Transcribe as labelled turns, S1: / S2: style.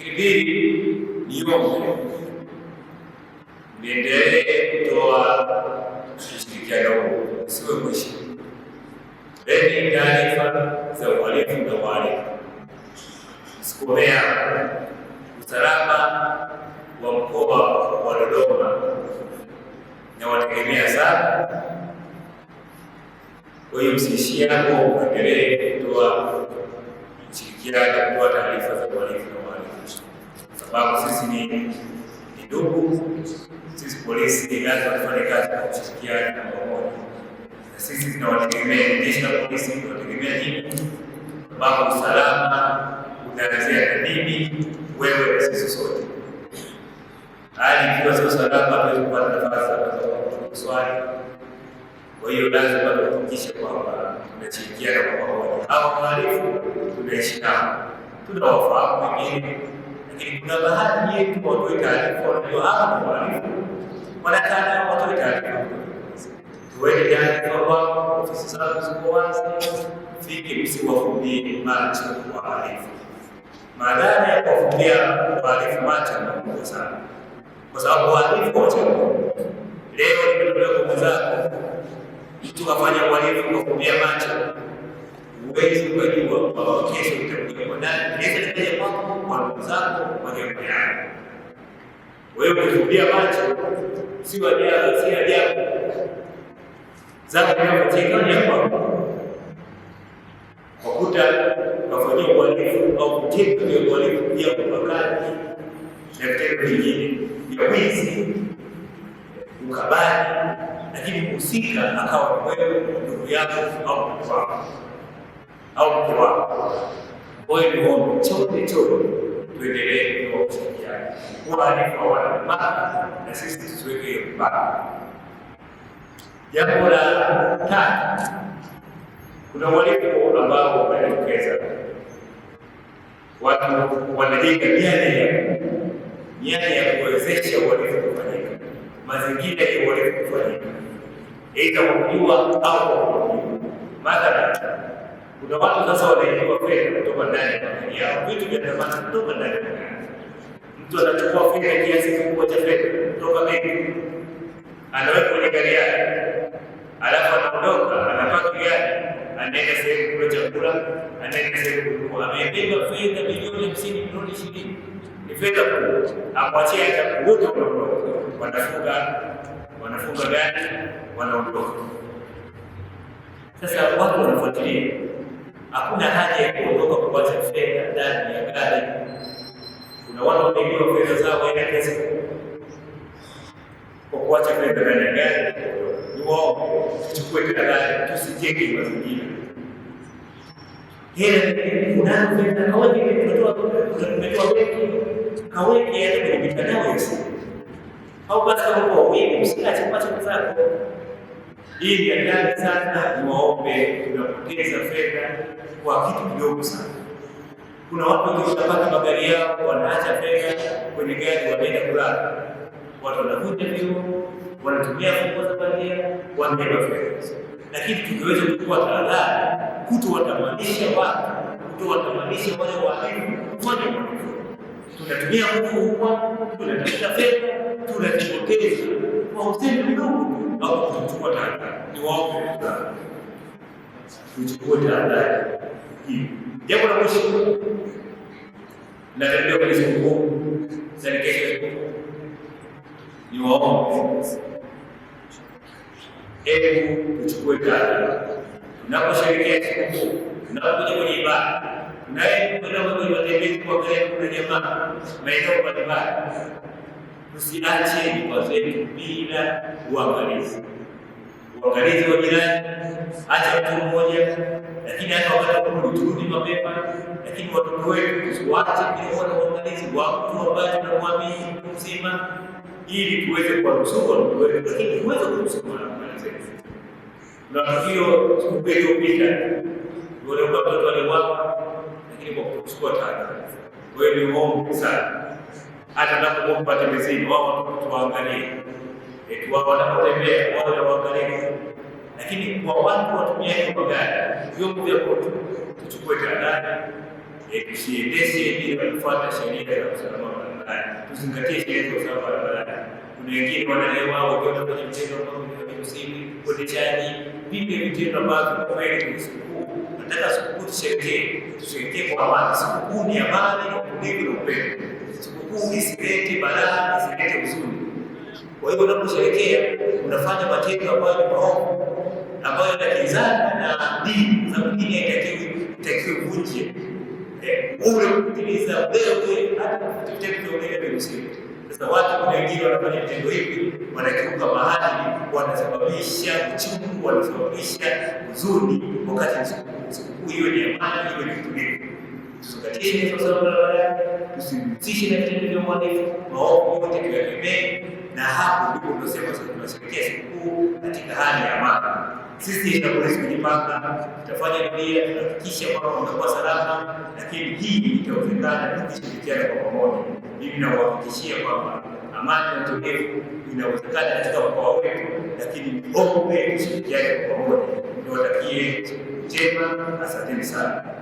S1: Lakini pili, niombe niendelee kutoa ushirikiano huu, usiwe mwisho. Leni taarifa za uhalifu na uhalifu, sikomea usalama wa mkoa wa Dodoma na wategemea sana. Kwa hiyo msiishi hapo, uendelee kutoa ushirikiano, kutoa taarifa za uhalifu sababu sisi ni ndugu. Sisi polisi ni lazima tufanye kazi kwa kushirikiana na pamoja, na sisi tunawategemea jeshi la polisi, tunawategemea nyinyi, sababu usalama unaanzia na mimi, wewe na sisi sote. Hali ikiwa sio salama, hatuwezi kupata nafasi ya kuswali. Kwa hiyo lazima tuhakikishe kwamba tunashirikiana kwa pamoja. Hao wahalifu tunaishi nao, tunawafahamu wengine lakini kuna baadhi yetu watoe taarifa wanaoaga taarifa wanataka watoe taarifa tuweke taarifa kwa ofisi zao ziko wazi fiki msiwafumbie macho wahalifu maadhara ya kuwafumbia wahalifu macho makubwa sana kwa sababu wahalifu wachagua leo nimetolewa nguvu zako mtu kafanya uhalifu kuwafumbia macho uweze kuwajua ambao kesho utakuja kwa ndani, kesho itakuja kwako, kwa ndugu zako, kwa jambo yako. Wewe ukifumbia macho, si ajabu, si ajabu zako zinapocheka ni kwako, wakuta wafanyia uhalifu au kutenda vya uhalifu, pia ubakaji na vitendo vingine vya wizi, ukabali, lakini mhusika akawa wewe, ndugu yako au mtu au mke wako, wewe ni ombi chote chote, tuendelee kuwa ushirikiano, wahalifu hawana mipaka na sisi tusiweke hiyo mipaka. Jambo la tatu, kuna walimu ambao wamelekeza watu wanajenga mianya ya mianya ya kuwezesha uhalifu kufanyika, mazingira ya uhalifu kufanyika, aidha kujua au kujua. Mathalan kuna watu sasa wanaiba fedha kutoka ndani ya familia yao, vitu vya thamani kutoka ndani ya familia. Mtu anachukua fedha kiasi kikubwa cha fedha kutoka benki, anaweka kwenye gari yake, alafu anaondoka, anapaki gari, anaenda sehemu kula chakula, anaenda sehemu kununua. Amebeba fedha milioni hamsini, milioni ishirini, ni fedha kubwa, akuachia hata wote wanaondoka, wanafunga wanafunga gari, wanaondoka. Sasa watu wanafuatilia Hakuna haja ya kuondoka kupata fedha ndani ya gari. Kuna watu wameibiwa fedha zao waenda kesi kwa kuacha fedha ndani ya gari. Ni waongo, tuchukue kila gari, tusijenge mazingira. Hela benki, kaweke hela kwenye mitandao ya simu. Au basi kama kwa wingi, hii ni hatari sana, ni waombe. Tunapoteza fedha kwa kitu kidogo sana. Kuna watu wakishapata magari yao wanaacha fedha kwenye gari, wanaenda kulala. Watu wanakuja vio, wanatumia funguo za bandia, wanabeba fedha. Lakini tukiweza kuchukua tahadhari, kutowatamanisha watu, kutowatamanisha wale wahalifu kufanya tunatumia nguvu kubwa, tunatafuta fedha, tunajipoteza kwa usemi mdogo tu au kuchukua tahadhari. Niwaombe wenzangu, tuchukue tahadhari hii. Jambo la mwisho, natembea kwenye sikukuu za kesho, niwaombe hebu tuchukue tahadhari tunaposherehekea sikukuu, tunapokuja kwenye ibada naye tunatembea kwa karibu na jamaa maeneo mbalimbali tusiache nyumba zetu bila uangalizi, uangalizi wa jirani, hata mtu mmoja, lakini hata wakati wa kurudi mapema, lakini watoto wetu tusiwache bila uangalizi wa mtu ambaye tunamwamini mtu mzima, ili tuweze kuwanusuru watoto wetu, lakini tuweze kunusuru na mali zetu. Na tukio siku iliyopita wale watoto waliwawa, lakini kwa kuchukua tahadhari. Kwa hiyo ni uongo sana hata napokuwa tembezeni wao tuwaangalie, eti eh, wao wanapotembea wao waangalie. Lakini kwa watu watumia hiyo gari, vyombo vya moto, tuchukue tahadhari, eh, tusiendeshe bila kufuata sheria za usalama barabarani, tuzingatie sheria za usalama barabarani. Kuna wengine wanalewa wakienda kwenye mchezo wa msimu chaji, vipi vitendo ambavyo kwa kweli ni sikukuu. Nataka sikukuu tusherekee, tusherekee kwa amani. Sikukuu ni amani, utulivu na upendo sikukuu isilete balaa, isilete huzuni. Kwa hiyo unaposherekea unafanya matendo ambayo ni maovu, ambayo yanakinzana na dini za dini, itakiwe vunje ule kutimiza wewe hata vitendo vya ulevi. Sasa watu kuna wengine wanafanya vitendo hivi, wanakiuka mahali, wanasababisha uchungu, wanasababisha huzuni, wakati sikukuu hiyo ni amani, hiyo ni utulivu tuzingatie neno za baba yake, tusihusishe na vitendo vya uhalifu, maovu yote tuyakemee, na hapo ndipo tunasema tunasherekea sikukuu katika hali ya amani. Sisi tutakuweza kujipanga, tutafanya bidii, tutahakikisha kwamba unakuwa salama, lakini hii itawezekana tukishirikiana kwa pamoja. Mimi nawahakikishia kwamba amani na tulivu inawezekana katika mkoa wetu, lakini ombe tushirikiane kwa pamoja. Niwatakie njema, asanteni sana.